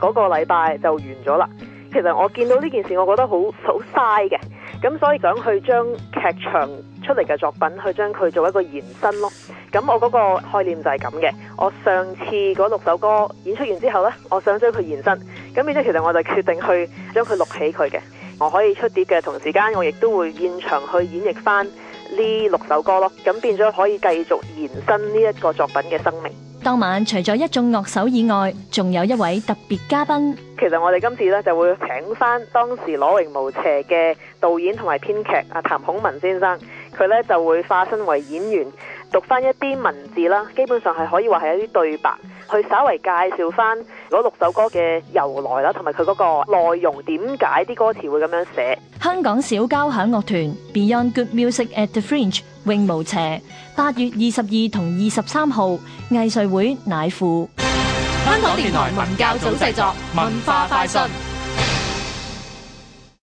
嗰個禮拜就完咗啦，其實我見到呢件事，我覺得好好嘥嘅，咁所以想去將劇場出嚟嘅作品去將佢做一個延伸咯。咁我嗰個概念就係咁嘅，我上次嗰六首歌演出完之後呢，我想將佢延伸，咁變咗其實我就決定去將佢錄起佢嘅，我可以出碟嘅，同時間我亦都會現場去演繹翻呢六首歌咯，咁變咗可以繼續延伸呢一個作品嘅生命。當晚除咗一眾樂手以外，仲有一位特別嘉賓。其實我哋今次呢就會請翻當時攞榮無邪嘅導演同埋編劇阿譚孔文先生，佢呢就會化身為演員。讀翻一啲文字啦，基本上係可以話係一啲對白，去稍微介紹翻嗰六首歌嘅由來啦，同埋佢嗰個內容，點解啲歌詞會咁樣寫？香港小交響樂團 Beyond Good Music at the Fringe 永無邪，八月二十二同二十三號藝穗會奶庫。香港電台文、文教組製作，文化快訊。